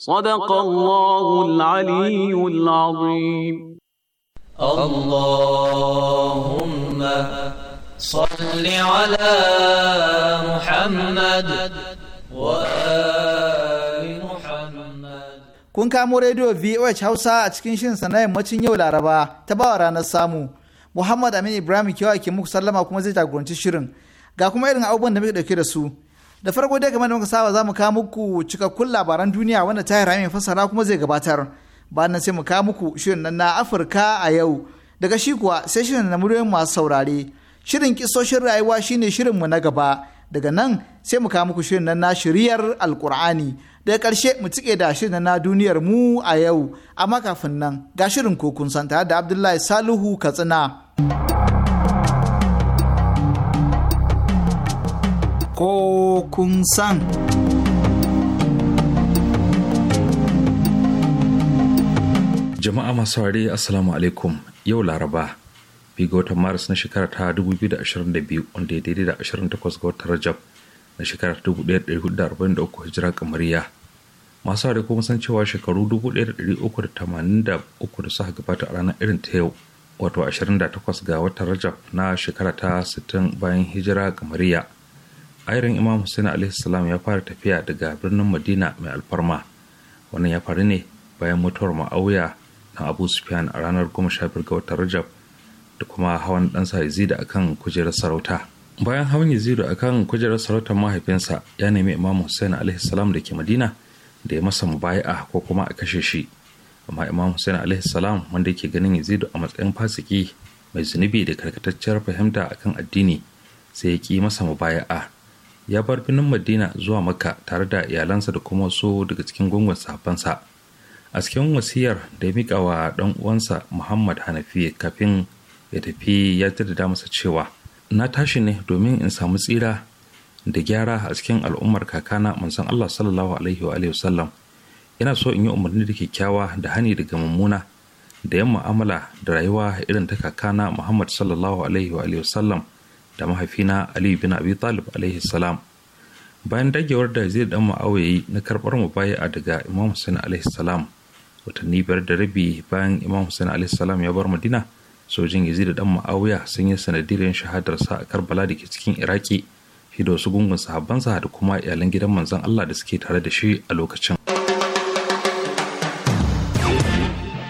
صدق الله العلي العظيم اللهم صل على محمد Kun kamo rediyo VOH Hausa a cikin shirin na yammacin yau Laraba ta bawa ranar samu. Muhammad Amin Ibrahim kewa ke muku sallama kuma zai jagoranci shirin. Ga kuma irin abubuwan da muke dauke da su. da farko dai game da muka saba za mu kawo muku cikakkun labaran duniya wanda tahir mai fassara kuma zai gabatar bayan nan sai mu kawo muku shirin nan na afirka a yau daga shi kuwa sai shirin na muryoyin masu saurare shirin kisoshin rayuwa shine shirin mu na gaba daga nan sai mu kawo muku shirin nan na shiriyar alkur'ani daga karshe mu tike da shirin na duniyar mu a yau amma kafin nan ga shirin kokun santa da abdullahi Salihu katsina. ko kun san. Jama'a masu ware Assalamu alaikum yau Laraba. Biga watan Maris na shekara ta 2022 wanda ya daidai da 28 ga watan Rajab na shekara 1443 hijira kamariya. Masu ware kuma san cewa shekaru 1383 da suka gabata a ranar irin ta yau wato 28 ga watan Rajab na shekara ta 60 bayan hijira kamariya. ayarin imam hussein alaihissalam ya fara tafiya daga birnin madina mai alfarma wannan ya faru ne bayan mutuwar ma'auya na abu sufyan a ranar 15 ga watan rajab da kuma hawan ɗansa yazidu akan kujerar sarauta bayan hawan yazidu akan kujerar sarautar mahaifinsa ya nemi imam hussein alaihissalam da ke madina da ya masa mubaya'a ko kuma a kashe shi amma imam hussein alaihissalam wanda ke ganin yazidu a matsayin fasiki mai zunubi da karkatacciyar fahimta akan addini sai ya ki masa mubaya'a ya bar binin madina zuwa maka tare da iyalansa da kuma wasu daga cikin gungun safansa a cikin wasiyar da ya miƙa wa ɗan uwansa muhammad hanafi kafin ya tafi ya jaddada masa cewa na tashi ne domin in samu tsira da gyara a cikin al'ummar kakana manzon allah sallallahu alaihi wa sallam ina so in yi umarni da kyakkyawa da hani daga mummuna da yan mu'amala da rayuwa irin ta kakana muhammad sallallahu alaihi wa wasallam da mahaifina ali bin abi talib alaihi salam bayan dagewar da zai dan ma'awayi na karbar mu a daga imam hussein alaihi salam watanni biyar da rabi bayan imam hussein alaihi salam ya bar madina sojin yazid da dan ma'awiya sun yi shahadar shahadarsa a karbala da ke cikin iraki shi da wasu gungun sa da kuma iyalan gidan manzon allah da suke tare da shi a lokacin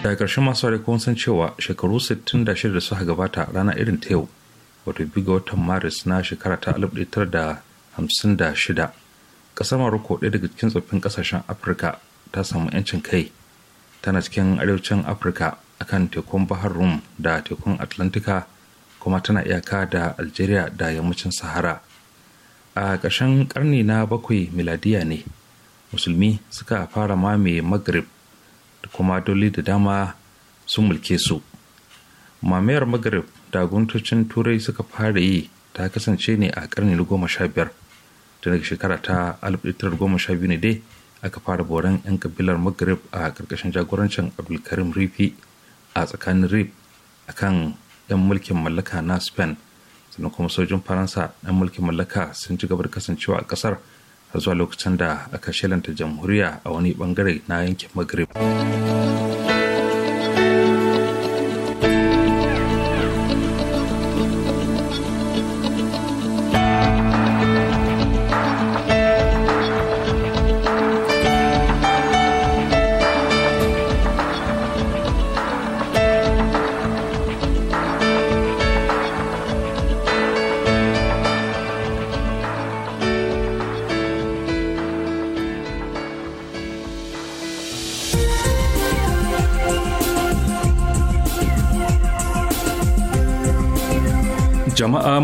da ƙarshen masu kun san cewa shekaru 66 da suka gabata rana irin ta yau wato biyu ga watan maris na shekara ta da da hamsin shida, ƙasar maroko ɗaya daga cikin tsoffin ƙasashen afirka ta samu 'yancin kai tana cikin arewacin afirka akan tekun bahar rum da tekun atlantika kuma tana iyaka da algeria da yammacin sahara a ƙarshen ƙarni na bakwai miladiya ne musulmi suka fara mame maghrib da kuma doli da dama sun mulke su mamayar maghrib da turai suka fara yi ta kasance ne a karni na goma sha biyar tun daga shekara ta alif goma sha biyu ne dai aka fara boran 'yan kabilar maghrib a karkashin jagorancin abdulkarim rifi a tsakanin rif a kan 'yan mulkin mallaka na spain sannan kuma sojin faransa 'yan mulkin mallaka sun ci gaba da kasancewa a kasar har zuwa lokacin da aka shelanta jamhuriya a wani bangare na yankin maghrib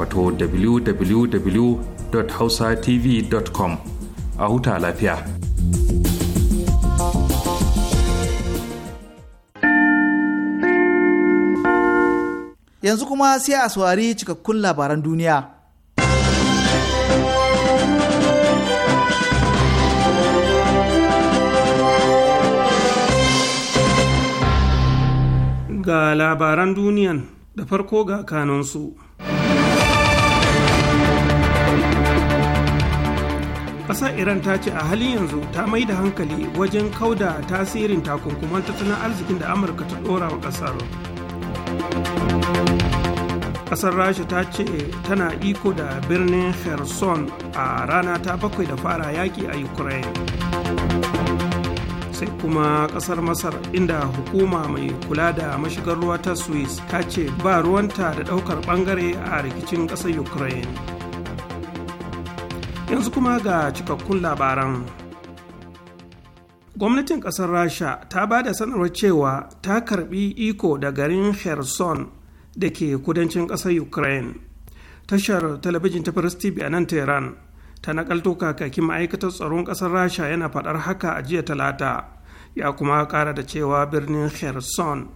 wato www.hausatv.com a huta lafiya. Yanzu kuma sai a saurari cikakkun labaran duniya. Ga labaran duniyan da farko ga kanunsu. ƙasar iran ta ce a halin yanzu ta mai da hankali wajen kauda tasirin takunkuman tattalin arzikin da amurka ta ɗora wa ƙasar ƙasar rasha ta ce tana iko da birnin kherson a rana ta bakwai da fara yaƙi a ukraine sai kuma ƙasar masar inda hukuma mai kula da mashigar ruwa ta swiss ta ce ba ruwanta da ɗaukar ɓangare a rikicin ƙasar ukraine yanzu kuma ga cikakkun labaran gwamnatin kasar rasha ta ba da sanarwar cewa ta karbi iko da garin kherson da ke kudancin kasar ukraine tashar talabijin ta first tv a nan tehran ta nakalto kakakin ma'aikatar tsaron kasar rasha yana faɗar haka a jiya talata ya kuma kara da cewa birnin kherson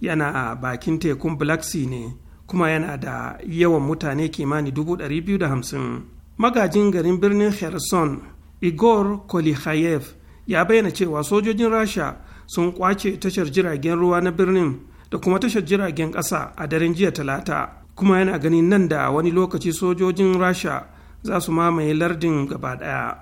yana bakin tekun black sea ne kuma yana da yawan mutane kimani 250 magajin garin birnin kherson igor kolikhayev ya bayyana cewa sojojin rasha sun kwace tashar jiragen ruwa na birnin da kuma tashar jiragen ƙasa a daren jiya talata kuma yana ganin nan da wani lokaci sojojin rasha za su mamaye lardin gaba ɗaya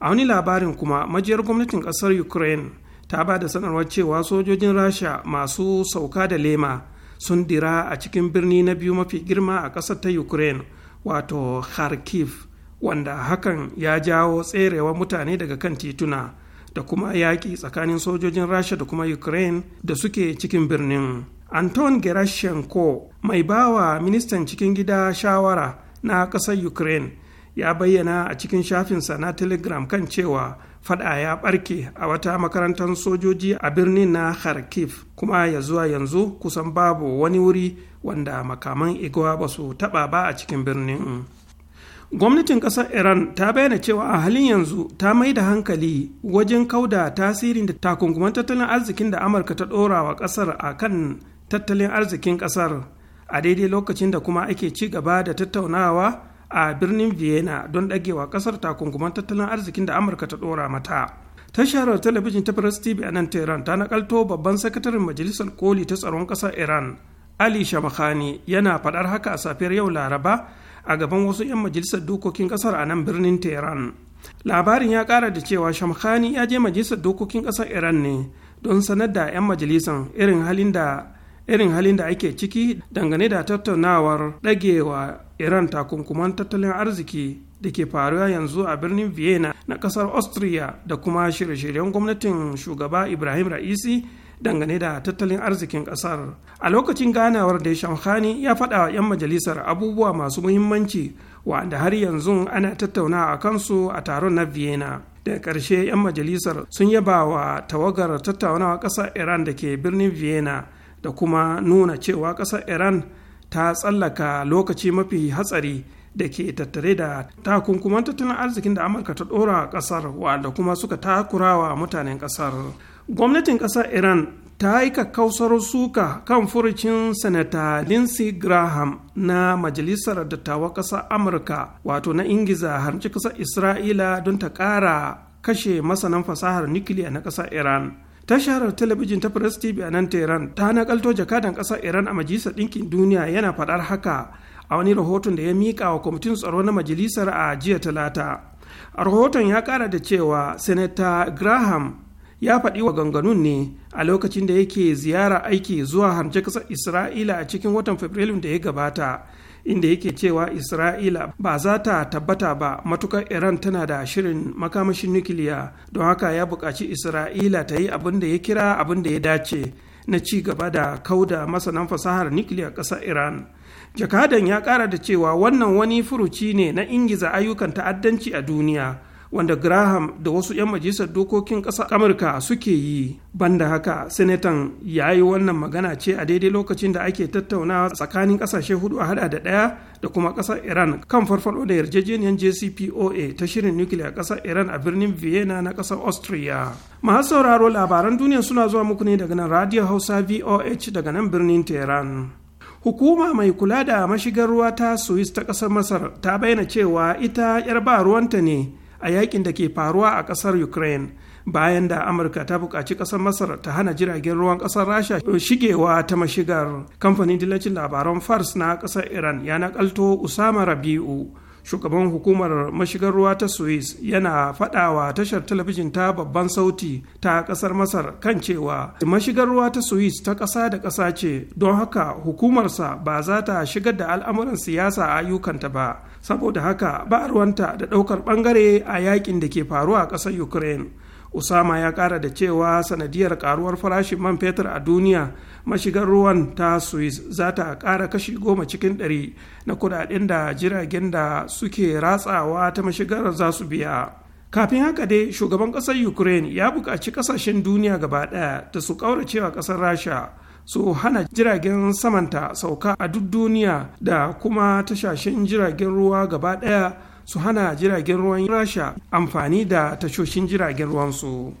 a wani labarin kuma majiyar gwamnatin ƙasar ukraine ta ba da sanarwar cewa sojojin rasha masu sauka da lema sun dira a cikin birni na biyu mafi girma a ƙasar ta ukraine wato kharkiv wanda hakan ya jawo tserewa mutane daga kan tituna da kuma yaƙi tsakanin sojojin rasha da kuma ukraine da suke cikin birnin anton gerashenko mai bawa ministan cikin gida shawara na ƙasar ukraine ya bayyana a cikin shafinsa na telegram kan cewa fada ya barke a wata makarantar sojoji a birnin na kharkiv kuma ya zuwa yanzu kusan babu wani wuri wanda makaman igwa ba su taba ba a cikin birnin gwamnatin ƙasar iran ta bayyana cewa a halin yanzu ta mai da hankali wajen kauda tasirin da takunkuman tattalin arzikin da amurka ta ɗora wa ƙasar a kan tattalin arzikin ƙasar a daidai lokacin da kuma ake ci gaba da tattaunawa a birnin vienna don ɗagewa ƙasar takunkuman tattalin arzikin da amurka ta ɗora mata tashar talabijin ta press tv a nan tehran ta nakalto babban sakataren majalisar koli ta tsaron ƙasar iran ali shamakhani yana faɗar haka a safiyar yau laraba a gaban wasu 'yan majalisar dokokin kasar a nan birnin tehran labarin ya kara da cewa shamkhani ya je majalisar dokokin kasar iran ne don sanar da 'yan majalisar irin halin da irin halin da ake ciki dangane da tattaunawar ɗagewa iran takunkuman tattalin arziki da ke faruwa yanzu a birnin vienna na kasar austria da kuma shirye-shiryen gwamnatin shugaba ibrahim ra'isi dangane da tattalin arzikin kasar a lokacin ganawar da shanghani ya faɗa wa 'yan majalisar abubuwa masu muhimmanci wanda har yanzu ana tattaunawa a kansu a taron na vienna daga ƙarshe 'yan majalisar sun yaba wa tawagar tattaunawa ƙasar iran da ke birnin vienna da kuma nuna cewa ƙasar iran ta tsallaka lokaci mafi hatsari da ke tattare da takunkuman tattalin arzikin da amurka ta ɗora ƙasar wanda kuma suka takurawa mutanen ƙasar gwamnatin ƙasar iran ta yi kakkausar suka kan furucin sanata lindsey graham na majalisar dattawan ƙasar amurka wato na ingiza harci ƙasar isra'ila don ta ƙara kashe masanan fasahar nukiliya na ƙasar iran tashar talabijin ta press tv a nan tehran ta nakalto jakadan ƙasar iran a majalisar ɗinkin duniya yana faɗar haka a wani rahoton da ya miƙa wa kwamitin tsaro na majalisar a jiya talata a rahoton ya ƙara da cewa senator graham ya faɗi wa ganganun ne a lokacin da yake ziyara aiki zuwa harce ƙasar isra'ila a cikin watan fabrilun da ya gabata inda yake cewa isra'ila ba za ta tabbata ba matukar iran tana da shirin makamashin nukiliya don haka ya buƙaci isra'ila ta yi abin da ya kira abin da ya dace na ci gaba da kauda masanan fasahar nukiliya ƙasar iran jakadan ya ƙara da cewa wannan wani furuci ne na ingiza ayyukan ta'addanci a duniya wanda graham da wasu 'yan majalisar dokokin ƙasar amurka suke yi banda haka Senatan ya yi wannan magana ce a daidai lokacin da ake tattaunawa tsakanin ƙasashe hudu a hada da ɗaya da kuma ƙasar iran kan farfaɗo da yarjejeniyar jcpoa ta shirin nukiliya ƙasar iran a birnin vienna na ƙasar austria masu sauraro labaran duniya suna zuwa muku ne daga nan radio hausa voh daga nan birnin tehran hukuma mai kula da mashigar ruwa ta swiss ta ƙasar masar ta bayyana cewa ita 'yar ba ruwanta ne a yakin da ke faruwa a ƙasar ukraine bayan da amurka ta buƙaci ƙasar masar ta hana jiragen ruwan ƙasar rasha shigewa ta mashigar kamfanin dillacin labaran fars na ƙasar iran ya naƙalto usama rabi'u shugaban hukumar mashigar ruwa ta swiss yana fadawa tashar talabijin ta babban sauti ta kasar masar kan cewa mashigar ruwa ta swiss ta kasa da kasa ce don haka hukumarsa ba za ta shigar da al'amuran siyasa a ayyukanta ba saboda haka ba ruwanta da ɗaukar ɓangare a yakin da ke faruwa a kasar ukraine usama ya kara da cewa sanadiyar karuwar farashin man fetur a duniya mashigar ruwan ta swiss za ta kara kashi goma cikin ɗari na kudaden da jiragen da suke ratsawa ta mashigar za su biya kafin haka dai shugaban ƙasar ukraine ya buƙaci ƙasashen duniya gaba ɗaya da su ƙauracewa ƙasar rasha su hana jiragen samanta sauka a duk duniya da kuma tashashen jiragen ruwa gaba ɗaya su hana jiragen ruwan rasha amfani da tashoshin jiragen ruwansu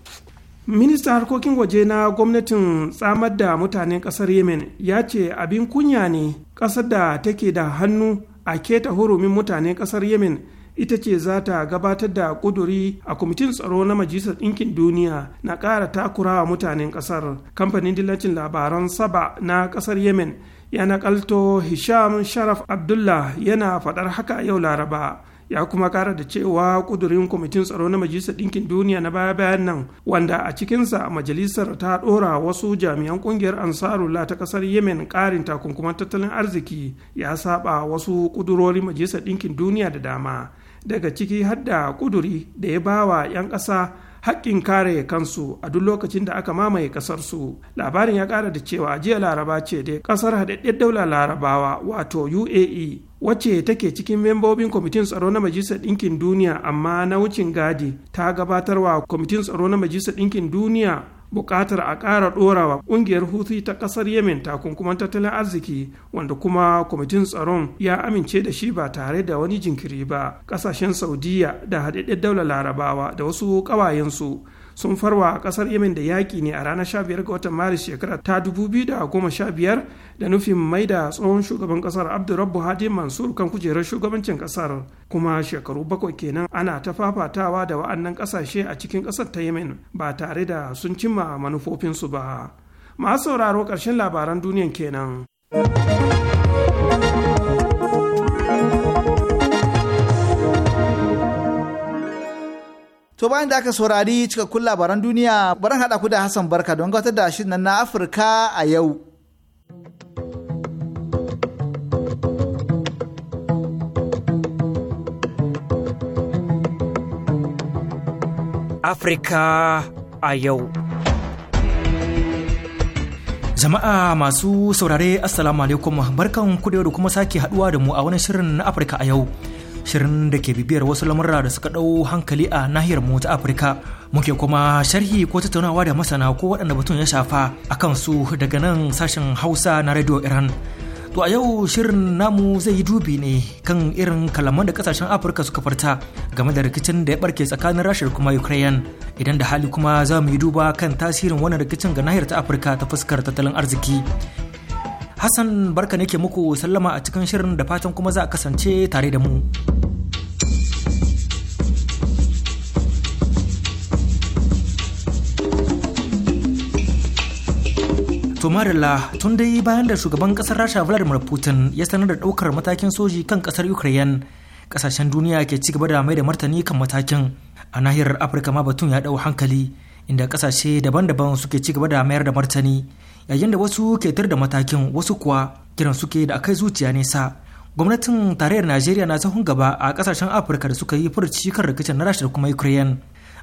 minista harkokin waje na gwamnatin tsamar da mutanen kasar yemen ya ce abin kunya ne kasar da take da hannu a keta hurumin mutanen kasar yemen ita ce za ta gabatar da kuduri a kwamitin tsaro na majalisar ɗinkin duniya na ƙara takurawa mutanen ƙasar kamfanin dillacin labaran saba na ƙasar yemen ya ƙalto hisham sharaf abdullah yana faɗar haka yau laraba ya kuma kara da cewa kudurin kwamitin tsaro na majalisar ɗinkin duniya na baya bayan nan wanda a cikinsa majalisar ta ɗora wasu jami'an ƙungiyar ansarula ta ƙasar yemen ƙarin takunkuman tattalin arziki ya saba wasu ƙudurorin majalisar ɗinkin duniya da dama daga ciki hadda kuduri da ya bawa 'yan ƙasa haƙƙin kare kansu a duk lokacin da aka mamaye ƙasarsu labarin ya ƙara da cewa jiya laraba ce dai ƙasar haɗaɗɗen daular larabawa wato uae wacce take cikin membobin kwamitin tsaro na majalisar ɗinkin duniya amma na wucin gadi ta gabatarwa kwamitin tsaro na majalisar ɗinkin duniya buƙatar a ƙara ɗorawa ƙungiyar huthi ta ƙasar yemen takunkuman tattalin arziki wanda kuma kwamitin tsaron ya amince da shi ba tare da wani jinkiri ba ƙasashen saudiya da haɗaɗɗen daular larabawa da wasu ƙawayensu sun farwa a kasar yemen da yaƙi ne a ranar 15 ga watan maris shekarar ta 2015 da nufin maida tsohon shugaban kasar abdurrabbu hadi mansur kan kujerar shugabancin kasar kuma shekaru bakwai kenan ana ta fafatawa da wa'annan kasashe a cikin kasar ta yemen ba tare da sun cimma manufofinsu ba masu sauraro ƙarshen labaran duniyan kenan. To bayan da aka saurari cikakkun labaran duniya, baran haɗa ku da Hassan Barka don gabatar da shirin na Afirka a yau. Afirka a yau. Jama'a masu saurare Assalamu alaikum barkan ku da kuma sake haɗuwa da mu a wani shirin na Afirka a yau. shirin da ke bibiyar wasu lamurra da suka ɗau hankali a nahiyar mu ta Afirka. Muke kuma sharhi ko tattaunawa da masana ko waɗanda batun ya shafa a kansu daga nan sashen Hausa na Radio Iran. To a yau shirin namu zai yi dubi ne kan irin kalaman da kasashen Afirka suka farta game da rikicin da ya barke tsakanin Rasha kuma Ukraine. Idan da hali kuma za mu yi duba kan tasirin wannan rikicin ga nahiyar ta Afirka ta fuskar tattalin arziki. Hassan barka ne muku sallama a cikin shirin da fatan kuma za a kasance tare da mu. Somalila tun dai bayan da shugaban kasar Rasha Vladimir Putin ya sanar da daukar matakin soji kan kasar Ukraine kasashen duniya ke ci gaba da mai da martani kan matakin a nahiyar Afirka ma batun ya dau hankali inda kasashe daban-daban suke ci gaba da mayar da martani yayin da wasu ke tar da matakin wasu kuwa kiran suke da akai zuciya nesa gwamnatin tarayyar najeriya na sahun gaba a kasashen afirka da suka yi furci kan rikicin na rasha da kuma ukraine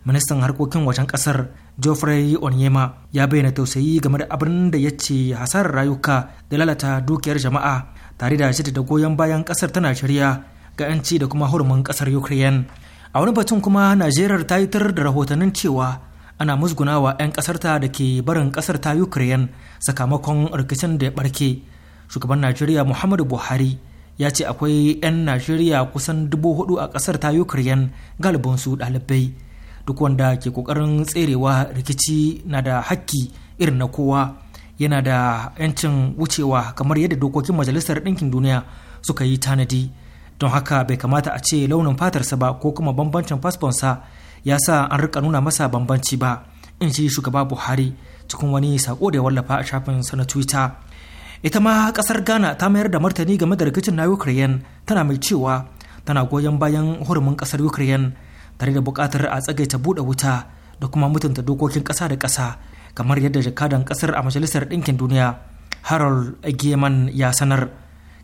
ministan harkokin wajen kasar geoffrey onyema ya bayyana tausayi game da abin da ya ce hasarar rayuka da lalata dukiyar jama'a tare da da goyon bayan kasar ta najeriya ga 'yanci da kuma hurumin kasar ukraine a wani batun kuma najeriya ta yi tar da rahotannin cewa ana musgunawa 'yan ƙasarta da ke barin ƙasar ta ukraine sakamakon rikicin da ya barke shugaban najeriya muhammadu buhari ya ce akwai 'yan najeriya kusan dubu hudu a ƙasar ta ukraine galibinsu ɗalibai duk wanda ke ƙoƙarin tserewa rikici na da hakki irin na kowa yana da 'yancin wucewa kamar yadda dokokin majalisar ɗinkin duniya suka yi tanadi don haka bai kamata a ce launin fatarsa ba ko kuma bambancin fasfonsa ya sa an rika nuna masa bambanci ba in ji shugaba buhari cikin wani sako da ya wallafa a shafin sa na twitter ita ma kasar ghana ta mayar da martani game da rikicin na ukraine tana mai cewa tana goyon bayan hurumin kasar ukraine tare da bukatar a tsagaita buɗe wuta da kuma mutunta dokokin ƙasa da ƙasa kamar yadda jakadan ƙasar a majalisar ɗinkin duniya harold gieman ya sanar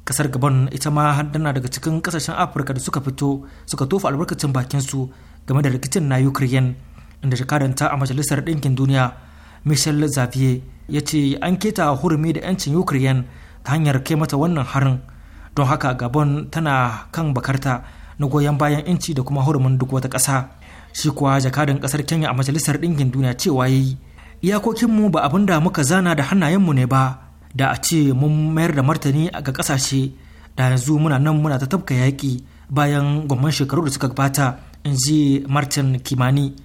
kasar gabon ita ma tana daga cikin kasashen afirka da suka fito suka tofa albarkacin bakinsu. game da rikicin na ukraine inda jakadanta a majalisar ɗinkin duniya michel xavier ya ce an keta hurumi da 'yancin ukraine ta hanyar kai mata wannan harin don haka gabon tana kan bakarta na goyon bayan 'yanci da kuma hurumin duk wata ƙasa shi kuwa jakadan ƙasar kenya a majalisar ɗinkin duniya cewa ya yi iyakokinmu ba abin da muka zana da hannayenmu ne ba da a ce mun mayar da martani ga ƙasashe da yanzu muna nan muna ta tafka yaƙi bayan gwamman shekaru da suka gabata in ji martin kimani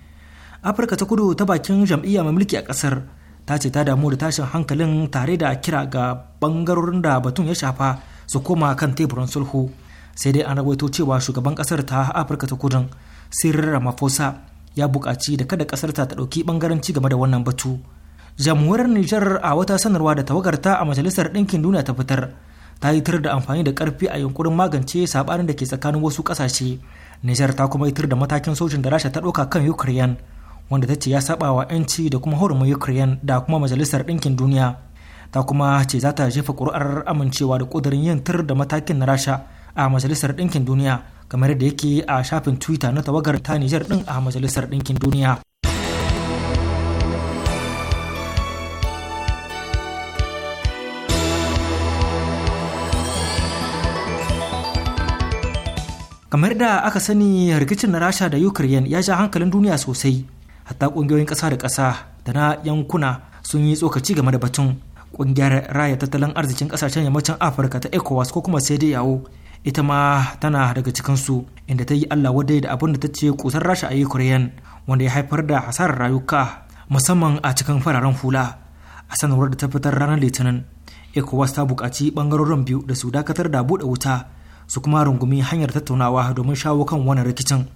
afirka ta kudu ta bakin jam'iyya mai mulki a kasar ta ce ta damu da tashin hankalin tare da kira ga bangarorin da batun ya shafa su koma kan teburin sulhu sai dai an rawaito cewa shugaban kasar ta afirka ta kudun sirrin ramaphosa ya buƙaci da kada kasar ta ɗauki ci game da wannan batu jamhuriyar nijar a wata sanarwa da tawagarta a majalisar ɗinkin duniya ta fitar ta yi tar da amfani da ƙarfi a yunkurin magance sabanin da ke tsakanin wasu ƙasashe Nijar ta kuma itar da matakin sojin da Rasha ta ɗauka kan Ukraine wanda ta ce ya saba wa 'yanci da kuma hurumin Ukraine da kuma Majalisar Ɗinkin Duniya. Ta kuma ce za ta jefa ƙuri'ar amincewa da ƙudurin yin tur da matakin na Rasha a Majalisar Ɗinkin Duniya kamar da yake a shafin Twitter na tawagar ta Nijar ɗin a Majalisar Ɗinkin Duniya. kamar da aka sani rikicin na rasha da ukraine ya sha hankalin duniya sosai hatta kungiyoyin ƙasa da ƙasa da na yankuna sun yi tsokaci game da batun ƙungiyar raya tattalin arzikin ƙasashen yammacin afirka ta ecowas ko kuma sai dai yawo ita ma tana daga cikinsu inda ta yi allah wadai da abin da ta ce kusan rasha a ukraine wanda ya haifar da hasarar rayuka musamman a cikin fararen hula a sanarwar da ta fitar ranar litinin ecowas ta buƙaci ɓangarorin biyu da su dakatar da buɗe wuta su kuma rungumi hanyar tattaunawa domin shawo kan wannan rikicin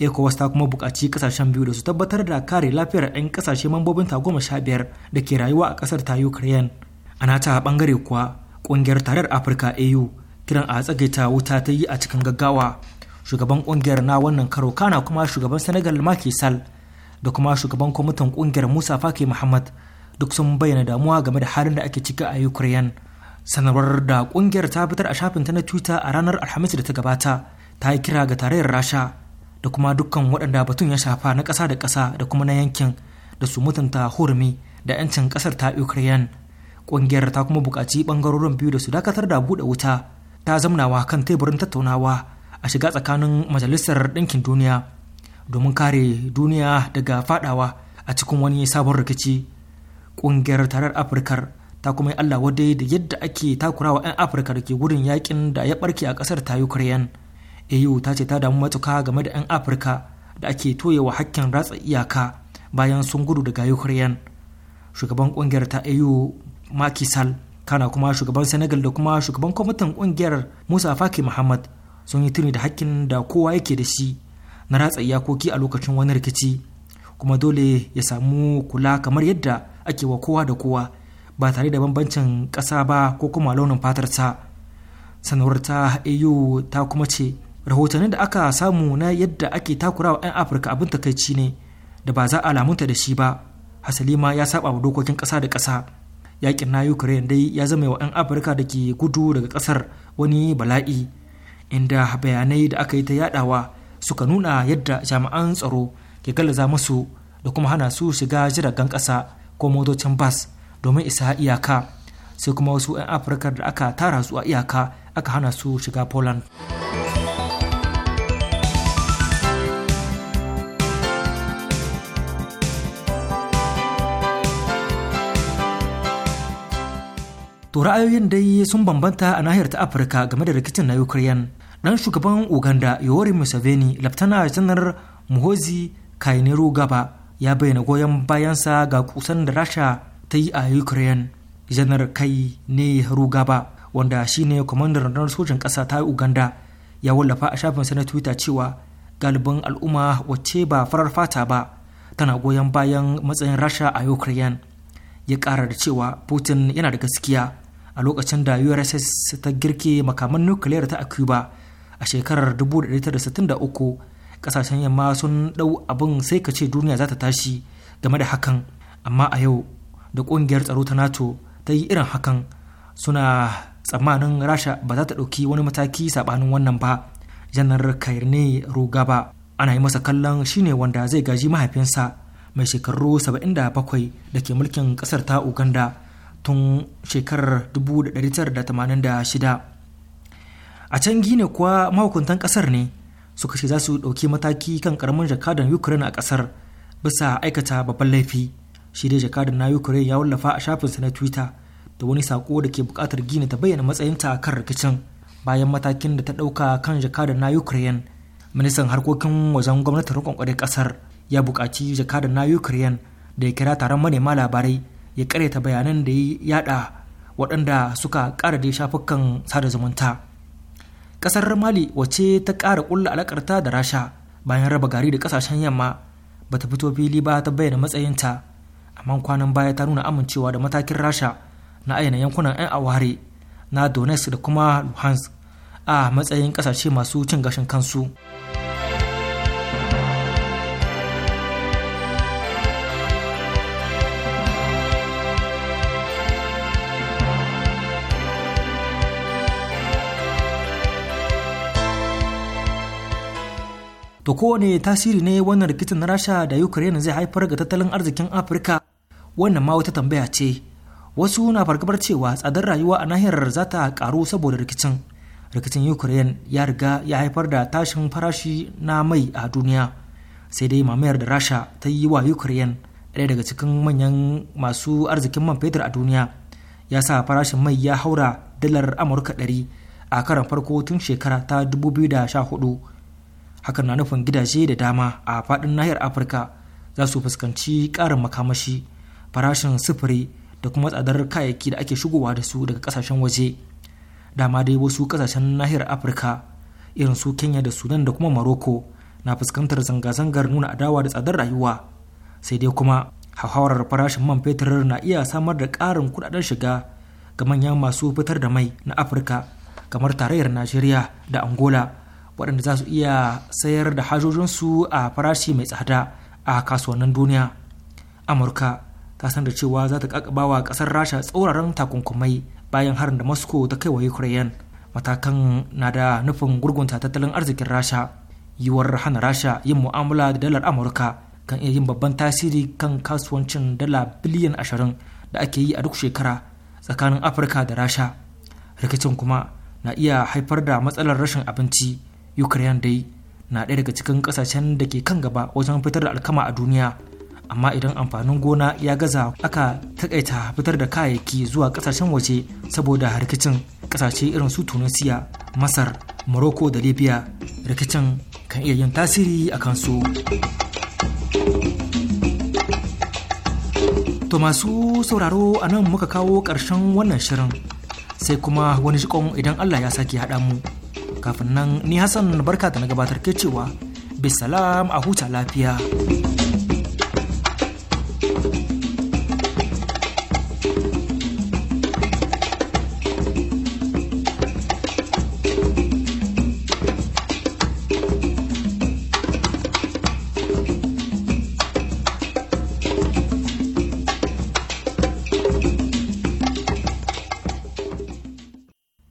ecowas ta kuma buƙaci kasashen biyu da su tabbatar da kare lafiyar 'yan kasashe mambobin ta goma sha biyar da ke rayuwa a ƙasar ta ukraine a nata bangare kuwa ƙungiyar tarar afirka au kiran a tsagaita wuta ta yi a cikin gaggawa shugaban ƙungiyar na wannan karo kana kuma shugaban senegal Maki Sal da kuma shugaban kwamitin ƙungiyar musa faki muhammad duk sun bayyana damuwa game da halin da ake ciki a ukraine sanarwar da kungiyar ta fitar a shafin ta na twitter a ranar alhamis da ta gabata ta yi kira ga tarayyar rasha da kuma dukkan waɗanda batun ya shafa na ƙasa da ƙasa da kuma na yankin da su mutunta hurumi da 'yancin ƙasar ta ukraine kungiyar ta kuma buƙaci ɓangarorin biyu da su dakatar da buɗe wuta ta zamnawa kan teburin tattaunawa a shiga tsakanin majalisar ɗinkin duniya domin kare duniya daga fadawa a cikin wani sabon rikici ƙungiyar tarar afirkar ta kuma yi Allah wadai da yadda ake takurawa 'yan Afirka da ke gudun yakin da ya barke a kasar ta Ukraine. EU ta ce ta damu matuka game da 'yan Afirka da ake wa hakkin ratsa iyaka bayan sun gudu daga Ukraine. Shugaban kungiyar ta EU Macky kana kuma shugaban Senegal da kuma shugaban kwamitin kungiyar Musa Faki Muhammad sun yi tuni da hakkin da kowa yake da shi na ratsa iyakoki a lokacin wani rikici kuma dole ya samu kula kamar yadda ake wa kowa da kowa ba tare da bambancin ƙasa ba ko kuma launin fatarsa sanarwar ta au ta kuma ce rahotannin da aka samu na yadda ake takura wa 'yan afirka abin takaici ne da ba za a lamunta da shi ba hasalima ya saba wa dokokin ƙasa da ƙasa yakin na ukraine dai ya zama wa 'yan afirka da ke gudu daga ƙasar wani bala'i inda bayanai da aka yi ta yadawa suka nuna yadda jami'an tsaro ke gallaza musu da kuma hana su shiga jiragen ƙasa ko motocin bas domin isa iyaka sai kuma wasu 'yan afirka da aka tara su a iyaka aka hana su shiga poland to ra'ayoyin dai sun bambanta a nahiyar ta afirka game da rikicin na ukraine dan shugaban uganda yoweri museveni laftana janar muhozi kaineru gaba ya bayyana goyon bayansa ga kusan da rasha ta yi a ukraine janar kai ne rugaba wanda shine kwamandar rundunar sojan ƙasa ta uganda ya wallafa a shafin na twitter cewa galibin al'umma wacce ba farar fata ba tana goyon bayan matsayin rasha a ukraine ya kara da cewa putin yana da gaskiya a lokacin da urss ta girke makaman nukiliyar ta a cuba a shekarar 1963 ƙasashen yamma sun ɗau abin sai ka ce duniya za ta tashi game da hakan amma a yau da ƙungiyar tsaro ta nato ta yi irin hakan suna tsammanin rasha ba za ta ɗauki wani mataki saɓanin wannan ba janar kairne rugaba ana yi masa kallon shine wanda zai gaji mahaifinsa mai shekaru 77 da ke mulkin ƙasar ta uganda tun shekarar 1986 a can gine kuwa mahukuntan ƙasar ne suka ce za su ɗauki mataki kan ƙaramin jakadan ukraine a ƙasar bisa aikata babban laifi shi dai jakadar na ukraine ya wallafa a shafinsa na twitter da wani sako da ke bukatar gina ta bayyana matsayinta kan rikicin bayan matakin da ta dauka kan jakadar na ukraine ministan harkokin wajen gwamnatin rikon kwarai kasar ya bukaci jakadar na ukraine da ya kira taron manema labarai ya karyata bayanan da ya yada waɗanda suka ƙara da shafukan sada zumunta ƙasar mali wace ta ƙara ƙulla alakarta da rasha bayan raba gari da ƙasashen yamma bata fito fili ba ta bayyana matsayinta man kwanan baya ta nuna amincewa da matakin rasha na ayyana yankunan 'yan aware na donetsk da kuma luhansk a matsayin kasashe masu cin gashin kansu to kowane tasiri ne wannan rikicin na rasha da ukraine zai haifar ga tattalin arzikin afirka wannan ma wata tambaya ce wasu na fargabar cewa tsadar rayuwa a nahiyar za ta karu saboda rikicin rikicin ukraine ya riga ya haifar da tashin farashi na mai a duniya sai dai mamayar da rasha ta yi wa ukraine ɗaya daga cikin manyan masu arzikin man fetur a duniya ya sa farashin mai ya haura dalar amurka ɗari a karan farko tun shekara ta 2014 hakan na nufin gidaje da dama a faɗin nahiyar afirka za su fuskanci ƙarin makamashi farashin sufuri da kuma tsadar kayayyaki da ake shigowa da su daga kasashen waje dama dai wasu kasashen nahiyar afirka irin su kenya da sudan da kuma maroko na fuskantar zanga-zangar nuna adawa da tsadar rayuwa sai dai kuma hauhawar farashin man fetur na iya samar da ƙarin kudaden shiga ga manyan masu fitar da mai na afirka kamar tarayyar najeriya da angola waɗanda za su iya sayar da hajojinsu a farashi mai tsada a kasuwannin duniya amurka ta da cewa za ta wa kasar rasha tsauraran takunkumai bayan harin da moscow ta kai wa ukraine matakan na da nufin gurgunta tattalin arzikin rasha yiwuwar hana rasha yin mu'amala da dalar amurka kan iya yin babban tasiri kan kasuwancin dala biliyan ashirin da ake yi a duk shekara tsakanin afirka da rasha rikicin kuma na iya haifar da matsalar rashin abinci ukraine dai na ɗaya daga cikin ƙasashen da ke kan gaba wajen fitar da alkama a duniya amma idan amfanin gona ya gaza aka takaita fitar da kayayyaki zuwa kasashen waje saboda rikicin kasashe irin su tunisia masar morocco da libya rikicin kan iya yin tasiri a kansu to masu sauraro a nan muka kawo ƙarshen wannan shirin sai kuma wani shikon idan allah ya sake haɗa mu kafin nan ni hassan barka da na gabatar ke cewa bisalam a huta lafiya.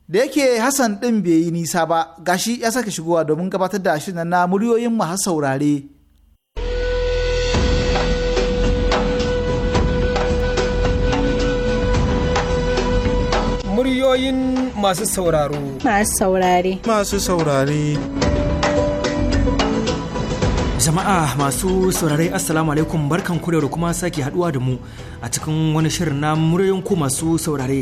da yake hassan ɗin bai yi nisa ba gashi ya sake shigowa domin gabatar da shi na muryoyin masu saurare muryoyin masu sauraro masu saurare masu saurare jama'a masu saurare assalamu alaikum barkan kurewa kuma sake haduwa da mu a cikin wani shirin na muryoyin ku masu saurare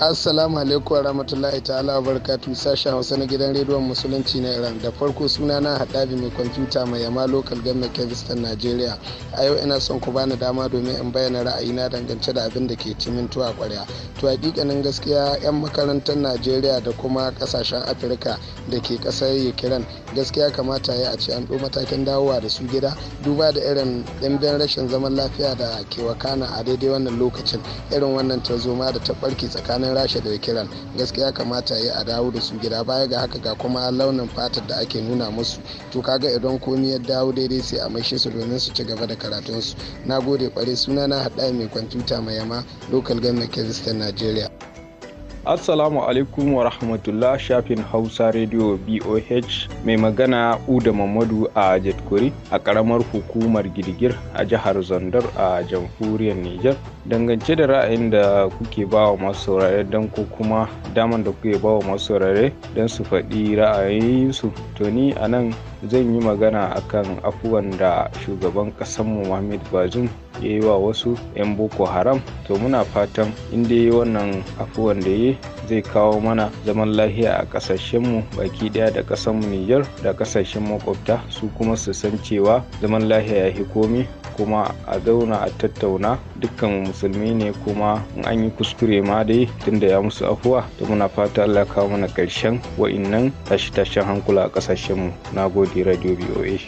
assalamu alaikum warahmatullahi ta'ala wa barakatuhu sashen hausa na gidan rediyon musulunci na iran da farko suna na haɗabi mai kwamfuta mai yama local government kevistan nigeria a yau ina son ku bani dama domin in bayyana ra'ayina dangance da abin da ke cimin tuwa kwarya to hakikanin gaskiya yan makarantar nigeria da kuma kasashen afirka da ke ƙasar ukraine gaskiya kamata ya a ce an ɗo matakin dawowa da su gida duba da irin ɗimbin rashin zaman lafiya da ke wakana a daidai wannan lokacin irin wannan tarzoma da ta ɓarke tsakanin tsakanin rasha da kiran gaskiya kamata ya a dawo da su gida baya ga haka ga kuma launin fatar da ake nuna musu to kaga idan komi ya dawo daidai sai a maishe su domin su ci gaba da karatunsu na gode kware suna na haɗa mai kwamfuta mai yama local government kiristan nigeria Assalamu alaikum wa rahmatullah shafin Hausa Radio BOH mai magana Uda Mamadu a Jetkuri a karamar hukumar Girgir a jihar Zandar a jamhuriyar Nijar. dangance da ra'ayin da kuke ba wa masu saurare don ko kuma daman da kuke ba wa masu saurare don su faɗi ra'ayoyinsu to ni a nan zan yi magana akan afuwan da shugaban ƙasanmu muhammad bazum ya yi wa wasu 'yan boko haram to muna fatan inda ya yi wannan afuwan da ya zai kawo mana zaman lahiya a ƙasashenmu baki daya da mu niger da ƙasashen makwabta su kuma su san cewa zaman lahiya ya komi kuma a zauna a tattauna dukkan musulmi ne kuma in an yi kuskure ma dai tunda ya musu afuwa to muna fata Allah kawo mana karshen wa'innan tashi tashen hankula a mu na gode radio boa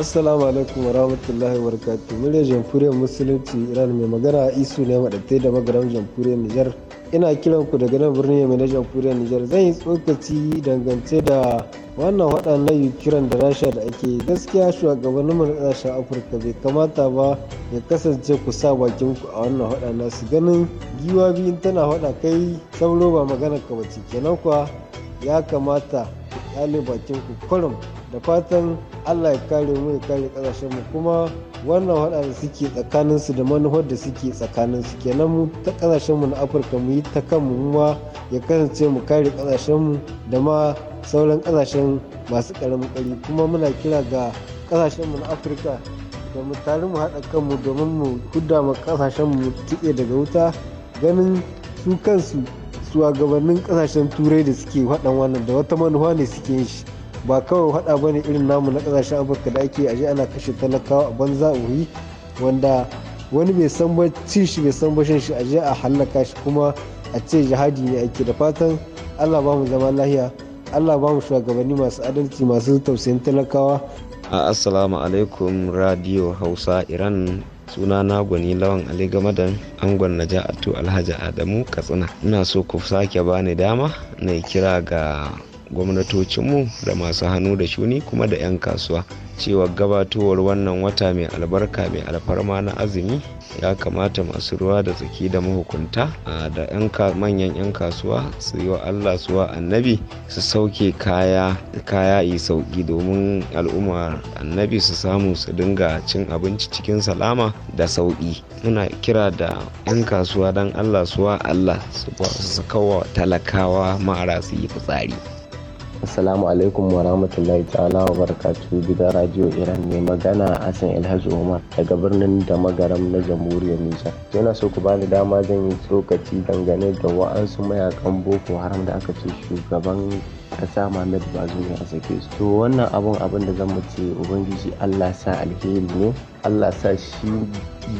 assalamu alaikum wa rahmatullahi wa barakatuh jamhuriyar musulunci iran mai magana isu ne madatai da magaran jamhuriyar nijar ina kiran ku daga nan birnin yamma na jamhuriyar nijar zan yi tsokaci dangance da wannan waɗannan ukraine da rasha da ake gaskiya shugabannin mu ƙasashen afirka bai kamata ba ya kasance ku sa bakin ku a wannan waɗannan su ganin giwa biyun tana haɗa kai sauro ba magana ka bace kenan kuwa ya kamata ku kyale bakin ku kurum da fatan allah ya kare mu ya kare ƙasashen mu kuma wannan hada suke suke tsakaninsu da manufar da suke tsakaninsu kenan mu ta kasashenmu na afirka mu yi ta mu ma ya kasance mu kare kasashenmu da ma sauran kasashen masu karamin kari kuma muna kira ga kasashenmu na afirka da mu tare mu haɗa kanmu domin mu hudda ma kasashenmu tuke daga wuta ganin su kansu su a gabanin kasashen turai da suke haɗan wannan da wata manufa ne suke yin shi ba kawai haɗa bane irin namu na kasashen afirka da ake aje ana kashe talakawa a banza uri wanda wani bai san ba ci shi bai san bashin shi aje a hallaka shi kuma a ce jihadi ne ake da fatan allah ba mu zama lahiya allah ba mu shugabanni masu adalci masu tausayin talakawa a assalamu alaikum radio hausa iran suna na gwani lawan ali gamadan angon ja'atu alhaji adamu katsina ina so ku sake bani dama na kira ga gwamnatocinmu da masu hannu da shuni kuma da 'yan kasuwa cewa gabatowar wannan wata mai albarka mai alfarma na azumi ya kamata masu ruwa da tsaki da mahukunta da manyan 'yan kasuwa su yi wa allah suwa annabi su sauke kaya yi sauki domin al'umma annabi su samu su dinga cin abinci cikin salama da sauki muna kira da 'yan kasuwa don allah suwa allah su kawo talakawa ma'ara su yi fitsari Assalamu alaikum wa rahmatullahi ta'ala wa barakatu gidan Radio Iran mai magana Hassan Ilhaji Umar daga birnin da magaram na jamhuriyar Nijar. Yana so ku bani dama zan yi tsokaci dangane da wa'ansu mayakan Boko Haram da aka ce shugaban ka sa Muhammad Bazoum a sake su to wannan abun abin da zan ce ubangiji Allah sa alheri ne Allah sa shi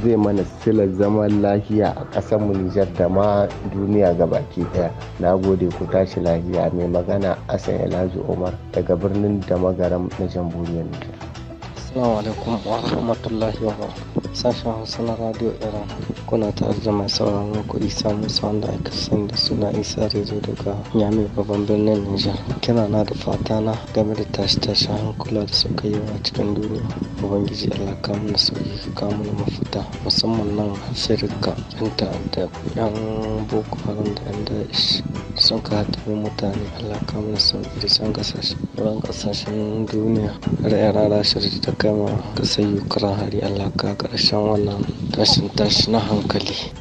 zai mana silar zaman lafiya a ƙasar mu Nijar da ma duniya gabaki daya na gode ku tashi lafiya mai magana Asan Elazu Umar daga birnin Damagaram na jamhuriyar Nijar Assalamu alaikum wa rahmatullahi wa barakatuh. Sashen Hausa na Radio Iran kuna tare da mai sauraron ku Isa Musa wanda aka san da suna Isa Rezo daga Nyami babban birnin Nijar. Kira na da fata na game da tashi tashi hankula da suka yi a cikin duniya. Ubangiji Allah ka mana sauki ka kawo mana mafita musamman nan shirka yan ta'adda yan boko haram da yan da'ish sun ka haɗari mutane Allah ka mana sauki da san ƙasashen duniya. Ra'ayin rara shirka kai ma ƙasar Ukraine hari Allah ka ƙarshen wannan tashin tashi na hankali.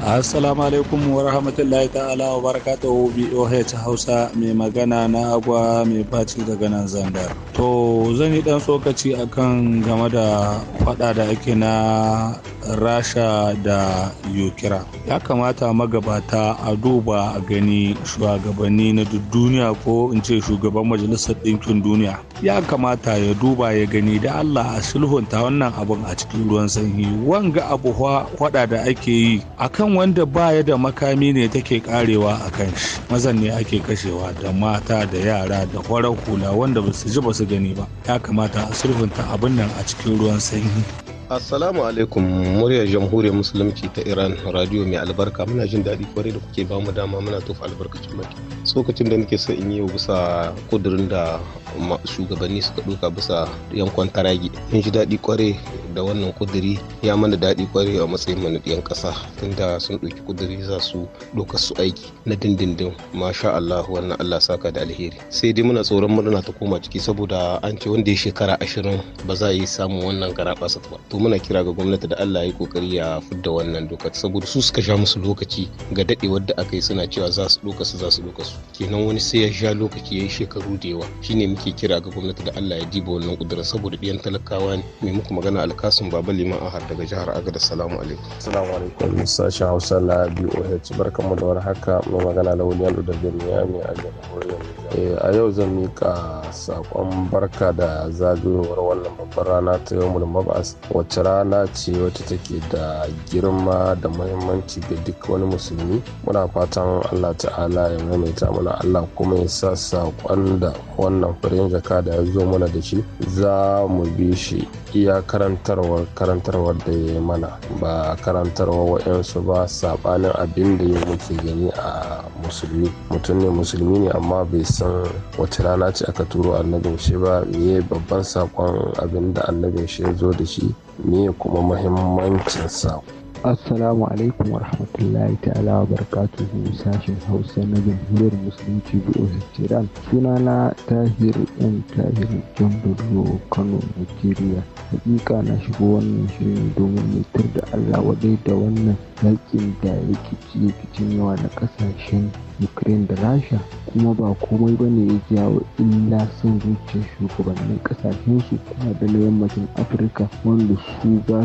Assalamu alaikum wa rahmatullahi ta'ala wa barakatuhu BOH Hausa mai magana na agwa mai baci daga nan zandar. To zan yi dan tsokaci akan game da fada da ake na Rasha da Yukira. Ya kamata magabata a duba a gani shugabanni na duk duniya ko in ce shugaban majalisar ɗinkin duniya. Ya kamata ya duba ya gani da Allah a sulhunta wannan abun a cikin ruwan sanyi. Wanga abu faɗa da ake yi akan kan wanda baya da makami ne take karewa a kan shi mazan ne ake kashewa da mata da yara da farar hula wanda ba su ji ba su gani ba ya kamata a sulhunta abin nan a cikin ruwan sanyi Assalamu alaikum muryar jamhuriyar musulunci ta Iran radio mai albarka muna jin daɗi kwarai da kuke bamu dama muna tofa albarkacin maki. Tsokacin da nake so in yi bisa kudurin da shugabanni suka ɗauka bisa yankon taragi. In ji daɗi kwarai da wannan kuduri ya mana daɗi kwarai a matsayin mana ɗiyan ƙasa tunda sun ɗauki kuduri za su ɗauka su aiki na dindindin masha Allah wannan Allah saka da alheri. Sai dai muna tsoron murna ta koma ciki saboda an ce wanda ya shekara ashirin ba za a yi samun wannan garaɓasa ba. muna kira ga gwamnati da Allah ya kokari ya fidda wannan doka saboda su suka sha musu lokaci ga dadewar da aka yi suna cewa za su doka su za su doka su kenan wani sai ya sha lokaci ya yi shekaru da yawa shine muke kira ga gwamnati da Allah ya diba wannan kudura saboda biyan talakawa ne mai muku magana alkasun baba liman ahar daga jihar Aga da salamu alaikum assalamu alaikum Hausa na BOH mu da warhaka mai magana wani launiyan da ne a eh, a yau zan mika sakon barka da zagayowar wannan babbar rana ta yau mulmabas wace rana ce wacce take da girma da muhimmanci ga duk wani musulmi muna fatan allah ta'ala ya maimaita mana allah kuma ya sa saƙon da wannan farin jaka da ya zo mana da shi za mu bi shi iya karantarwar karantarwar da ya mana ba karantarwar wa'yansu ba saɓanin abin da ya muke gani a musulmi mutum ne musulmi ne amma bai san wace rana ce aka turo annabin shi ba Me babban saƙon abin da annabin shi ya zo da shi me kuma sa Assalamu alaikum wa rahmatullahi ta'ala wa barakatuhu sashen Hausa na jamhuriyar Musulunci BOH Iran. Suna na Tahir ɗan Tahir Jambulo Kano, Nigeria. Hakika na shigo wannan shirin domin mitar da Allah wadai da wannan yakin da rikici-rikicin yawa na kasashen ukraine da rasha kuma ba komai ba ne ya jawo illa son zuciyar shugabannin kasashen su kuma da na yammacin afirka wanda su ba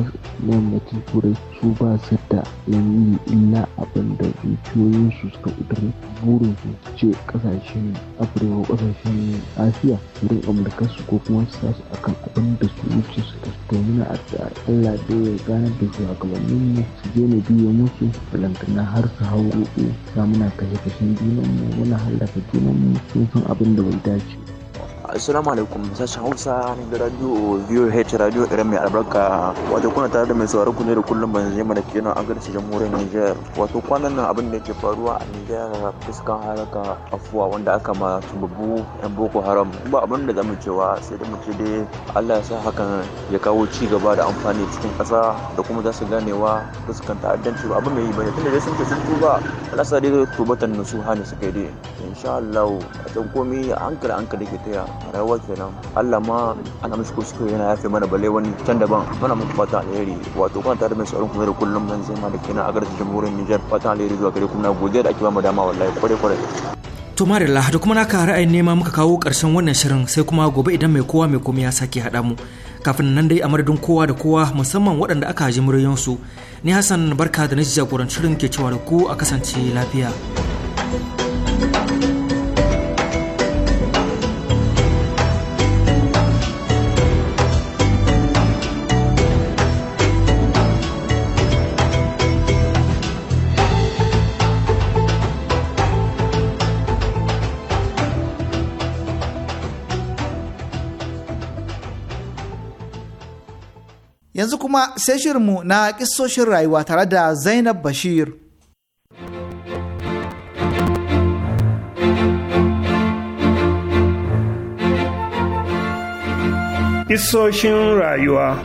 na yammacin turai su ba su da yanyi illa abin da zuciyoyin su suka kudurin burin su ce kasashen afirka ko kasashen asiya su amurka su ko kuma su tashi akan abin da su wuce su ta domin a allah da ya gane da shugabannin su je na biyu biyo musu balantana har su hau uku sa muna kashe kashen mu muna hallaka junanmu sun san abin da bai dace assalamu alaikum sashen hausa da radio voh radio irin mai albarka wato kuna tare da mai sauraron ku ne da kullum ban zai mana kenan an garci jamhuriyar niger wato kwanan nan abin da yake faruwa a niger fuskan haraka afuwa wanda aka ma tubabu yan boko haram ba abin da zamu cewa sai da mu ce dai allah ya sa hakan ya kawo ci gaba da amfani cikin ƙasa da kuma za su ganewa fuskan ta'addanci ba abin mai yi bane tunda dai sun ce sun tuba allah sa dai tubatan nusu hani suka yi dai insha allah a can komi a hankali hankali ke taya rayuwa kenan Allah ma ana mishi kai yana yafe mana balle wani can daban muna muku fata alheri wato kuna tare da mai sauran kuma da kullum nan zai ma da kenan a garin jamhuriyar Nijar fata alheri zuwa gare ku na godiya da ake ba mu dama wallahi kware kware To Marilla da kuma naka ra'ayin nema muka kawo ƙarshen wannan shirin sai kuma gobe idan mai kowa mai komai ya sake haɗa mu. Kafin nan dai a madadin kowa da kowa musamman waɗanda aka ji muryoyinsu. Ni Hassan barka da na jagorancin shirin ke cewa da ku a kasance lafiya. thank you kuma sai shirinmu na kisoshin rayuwa tare da Zainab Bashir. Kisoshin rayuwa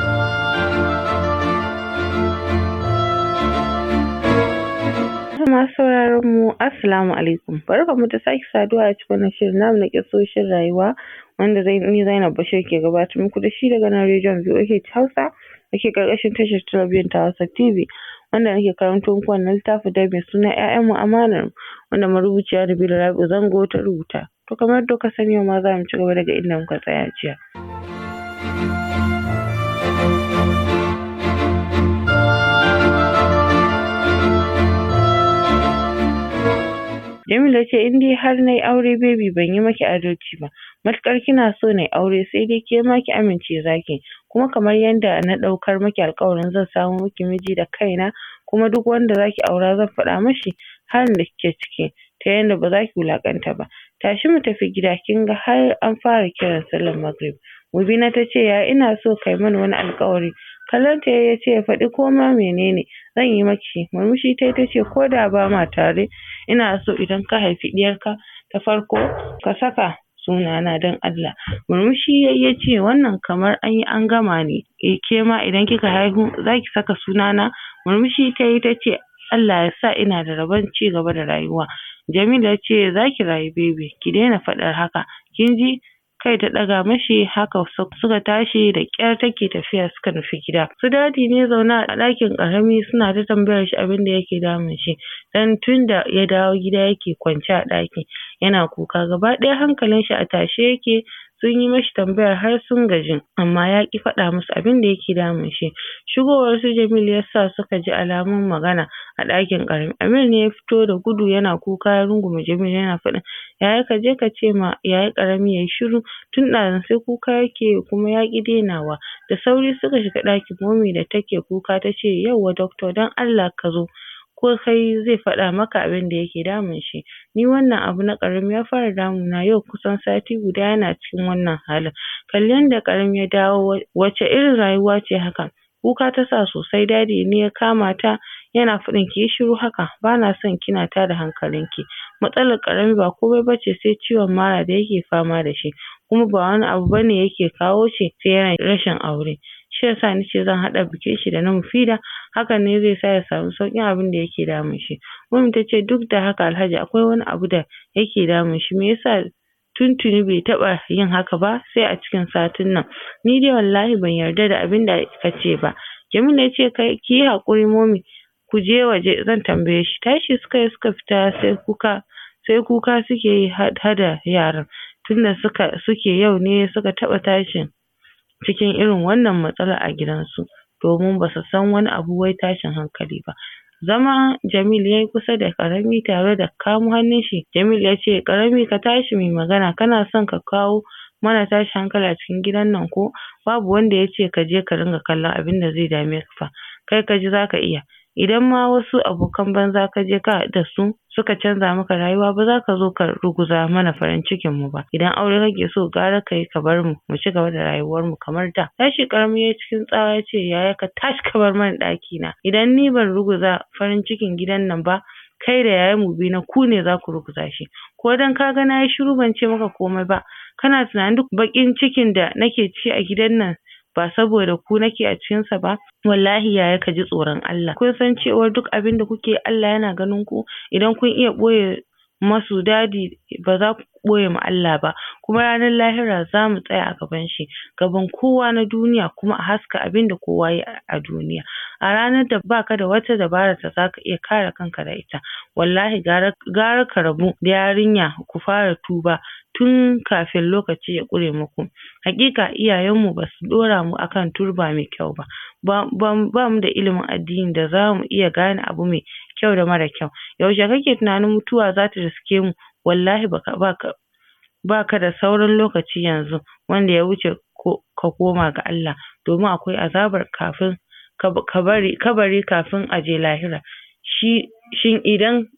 masu sauraron mu assalamu alaikum mu da sake saduwa a cikin shirin namu na kisoshin rayuwa wanda zai ni Zainab Bashir ke gabatar muku da shi daga nan rediyon VOH Hausa da ƙarƙashin tashar talabijin ta Hausa TV wanda nake karanto muku wannan littafi da mai suna mu amanar wanda marubuciya Nabila Rabi'u Zango ta rubuta. To kamar yadda kuka sani yau ma za mu ci gaba daga inda muka tsaya jiya. Jamila ce in dai har nayi aure baby ban yi maki adalci ba matuƙar kina so yi aure sai dai ke ki amince zaki kuma kamar yadda na ɗaukar maki alƙawarin zan samo miki miji da kaina kuma duk wanda zaki aura zan faɗa mashi halin da kike ciki ta yanda ba ki wulaƙanta ba tashi mu tafi gida kin ga har an fara kiran sallar magrib Mubina ta ce ya ina so kai mani wani alƙawari Kallonta yayi yi ya faɗi koma menene zan yi maki. Murmushi ta tace ko da bama tare, ina so idan ka haifi ɗiyarka ta farko ka saka sunana don Allah. Murmushi yayi yace wannan kamar an an gama ne, eh, ke ma idan kika haihu zaki ki saka sunana? Murmushi tayi tace Allah ya sa ina da rabon ci gaba da rayuwa. Jamila yace ce za rayu Baby, ki daina faɗar haka, kin ji? kai ta ɗaga mashi haka suka tashi da ƙyar take tafiya suka nufi gida. Su dadi ne zaune a ɗakin ƙarami suna ta tambayar shi abin da yake damun shi dan tun da ya dawo gida yake kwance a ɗaki yana kuka gaba ɗaya hankalin shi a tashe yake sun yi mashi tambayar har sun gaji amma ƙi faɗa musu da yake damun shi shigowar su Jamil sa suka ji alamun magana a ɗakin ƙarami Amir ne ya fito da gudu yana kuka ya rungume Jamil yana faɗin yaya kaje ce ma yayi ƙarami yayi shiru tun ɗazun sai kuka yake kuma ya ƙi dainawa da sauri suka shiga ɗakin momi da take kuka ta ce yauwa doctor don Allah ka zo ko kai zai faɗa maka abin da yake damun shi ni wannan abu na ƙarami ya fara damuna yau kusan sati guda yana cikin wannan halin kalli yanda ƙarami ya dawo wace irin rayuwa ce haka kuka ta sa sosai dadi ne ya kama ta yana faɗin ki yi shiru haka bana son kina tada hankalin ki matsalar ƙarami ba komai bace sai ciwon mara da yake fama da shi, kuma ba wani abu bane yake kawo shi sai rashin aure shi yasa nace zan haɗa bikin shi da na Mufida hakan ne zai sa ya samu sauƙin da yake damun shi Ummi tace duk da haka Alhaji akwai wani abu da yake damun shi me yasa tuntuni bai taɓa yin haka ba sai a cikin satin nan ni dai wallahi ban yarda da abin da ka ce ba Jamila ce kai kiyi haƙuri Momi ku je waje zan tambaye shi tashi suka yi suka fita sai kuka sai kuka suke yi hada yaran tunda suka suke yau ne suka taɓa tashin cikin irin wannan matsala a gidansu domin ba su san wani abu wai tashin hankali ba zama Jamil yayi kusa da ƙarami tare da kamo hannun shi Jamil ce ƙarami ka tashi mai magana kana son ka kawo mana tashin hankali a cikin gidan nan ko babu wanda ya ce ka je ka dinga kallon abin da zai dame ka fa kai ka kaji ka iya idan ma wasu abokan banza ka je ka haɗu da su suka canza maka rayuwa ba za ka zo ka ruguza mana farin cikin mu ba idan aure kake so gara kayi ka bar mu mu ci gaba da rayuwar mu kamar da tashi karami yayi cikin tsawa yace yaya ka tashi ka bar mana ɗaki na idan ni ban ruguza farin cikin gidan nan ba kai da yayan mu biyu na ku ne za ku ruguza shi ko dan ka ga nayi shiru ban ce maka komai ba kana tunanin duk baƙin cikin da nake ci a gidan nan ba saboda ku nake a cikin sa ba wallahi yaya ka ji tsoron Allah kun san cewa duk abin da kuke Allah yana ganin ku idan kun iya ɓoye masu dadi ba za ku ɓoye ma Allah ba kuma ranar lahira za mu tsaya a gaban shi gaban kowa na duniya kuma a haska abin da kowa ya yi a duniya a ranar da ka da wata dabara da za ka iya kare kanka da ita wallahi gara ka rabu da yarinya ku fara tuba tun kafin lokaci ya ƙure muku haƙiƙa iyayenmu ba su ɗora mu akan turba mai kyau ba ba mu da ilimin addini da za mu iya gane abu mai kyau da mara kyau yaushe kake tunanin mutuwa zata riske mu wallahi baka da sauran lokaci yanzu wanda ya wuce ka koma ga Allah domin akwai azabar kafin kabari kafin aje lahira shin idan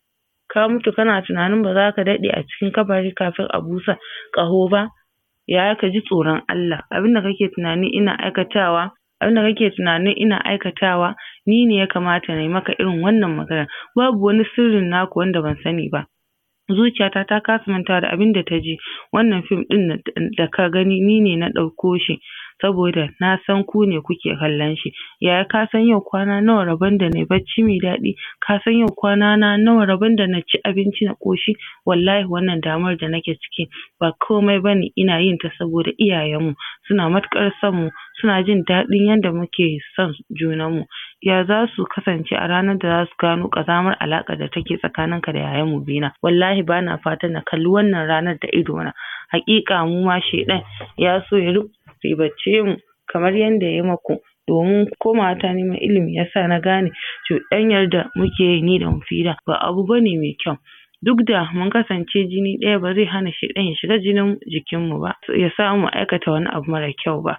ka mutu kana tunanin ba za ka daɗe a cikin kabari kafin a busa ƙaho ba ka ji tsoron Allah Abinda kake tunani ina aikatawa abinda kake tunanin ina aikatawa ni ne ya kamata nayi maka irin wannan maganar babu wani sirrin naku wanda ban sani ba zuciyata ta kasa mantawa da abinda ji. wannan fim ɗin da ka gani ni ne na ɗauko shi saboda na san ku ne kuke kallon shi yaya ka san yau kwana nawa rabon da nayi bacci mai daɗi ka san yau kwana na nawa rabon da naci abinci na ƙoshi wallahi wannan damuwar da nake ciki ba komai bane ina yin ta saboda iyayen mu suna matuƙar son mu suna jin daɗin yanda muke son junan mu ya za su kasance a ranar da za su gano ƙazamar alaƙar da take tsakaninka da yayan Mubina wallahi bana fatan na kalli wannan ranar da ido na. haƙiƙa mu ma shaiɗan ya so ya ribace mu kamar yadda ya maku domin komawa ta neman ilimi yasa na gane cuɗanyar da muke yi ni da Mufida ba abu bane mai kyau duk da mun kasance jini ɗaya ba zai hana sheɗan ya shiga jinin jikinmu ba ya samu mu aikata wani abu mara kyau ba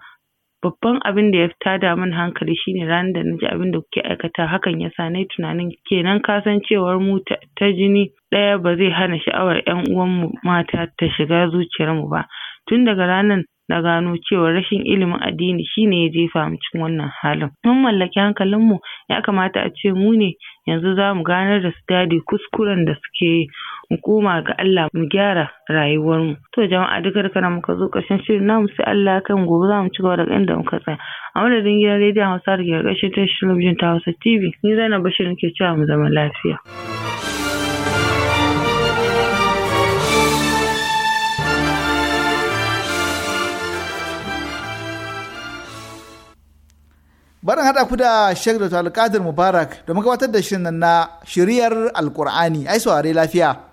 babban abin da ya tada min hankali shine ranar da naji abin da kuke aikata, hakan yasa nayi tunanin kenan kasancewar mu ta jini ɗaya ba zai hana sha'awar 'yan uwan mu mata ta shiga zuciyar mu ba tun daga ranan na gano cewa rashin ilimin addini shine ya jefa mu cikin wannan halin mun mallaki hankalin mu ya kamata ace mu ne yanzu zamu ganar da su daɗi kuskuren da suke yi mu koma ga Allah mu gyara rayuwar mu to jama'a duka duka nan muka zo ƙarshen shirin namu sai Allah ya kai mu gobe zamu cigaba daga inda muka tsaya a madadin gidan rediyon Hausa da ke ƙarshen tashar talabijin ta Hausa TV ni Zainab Bashir nake cewa mu zama lafiya. barin haɗa ku da Sheikh Dr. Alƙadir Mubarak domin gabatar da shirin na shiriyar Alƙur'ani. Ai saurare lafiya.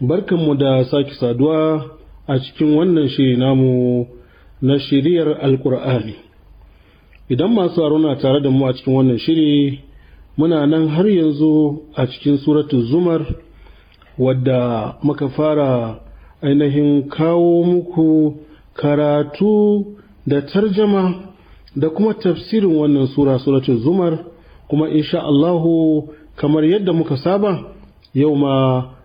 Barkanmu da sake saduwa a cikin wannan shiri namu na shiriyar Alƙur'ani. Idan masu na tare da mu a cikin wannan shiri, muna nan har yanzu a cikin suratu Zumar wadda muka fara ainihin kawo muku karatu da tarjama da kuma tafsirin wannan sura Zumar kuma insha Allahu kamar yadda muka saba yau ma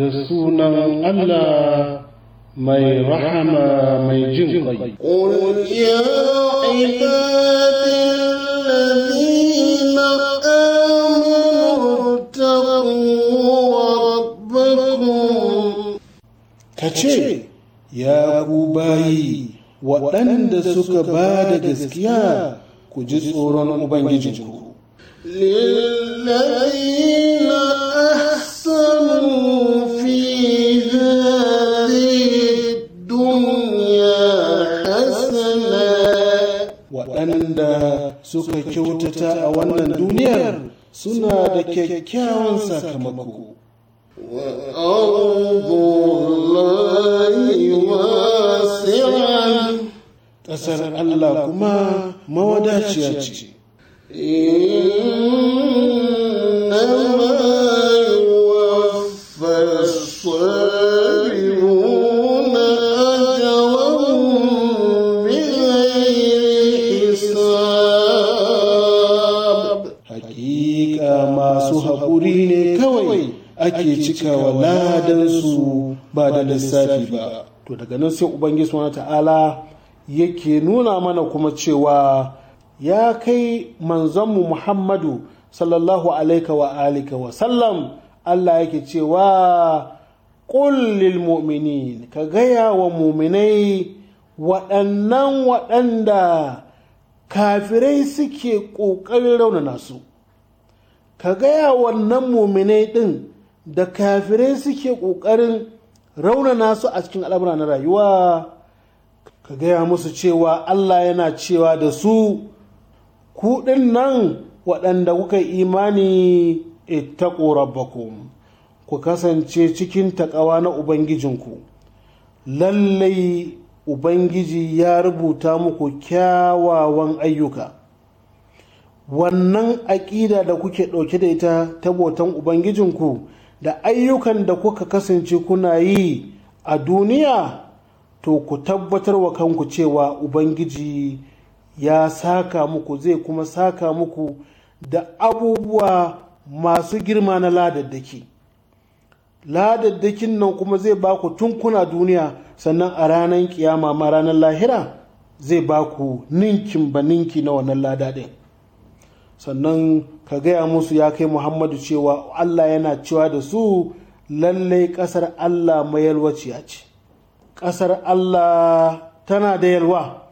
da sunan Allah mai rahama mai jin ƙai. ya Kace ya ku bayi waɗanda suka ba da gaskiya ku ji tsoron ubangijinku. Lillahi waɗanda suka kyautata a wannan duniyar suna da kyakkyawan sakamako ƙasar Allah kuma mawadaciya ce. masu haƙuri ne kawai ake cikawa ladansu ba da lissafi ba to daga nan sai ubangiji wa ta'ala yake nuna mana kuma cewa ya kai manzonmu muhammadu sallallahu alaika wa alika wa sallam allah yake cewa ƙullil mu'minin ka gaya wa muminai waɗannan waɗanda kafirai suke ƙoƙarin raunana su ka gaya wannan muminai ɗin da kafirai suke ƙoƙarin raunana su a cikin al'amura na rayuwa ka gaya musu cewa Allah yana cewa da su kuɗin nan waɗanda kuka imani ita rabbakum ku kasance cikin taƙawa na ubangijinku lallai ubangiji ya rubuta muku kyawawan ayyuka wannan aƙida da kuke ɗauke da ita ta botan ubangijinku da ayyukan da kuka kasance kuna yi a duniya to ku tabbatar wa kanku cewa ubangiji ya saka muku zai kuma saka muku da abubuwa masu girma na ladaddaki ladaddakin nan kuma zai baku tun kuna duniya sannan a ranar kiyama ma ranar lahira zai baku ninkin ba ninki na wannan lada ɗin sannan ka gaya musu ya kai muhammadu cewa allah yana cewa da su lallai ƙasar allah mayalwaciya ce ƙasar allah tana da yalwa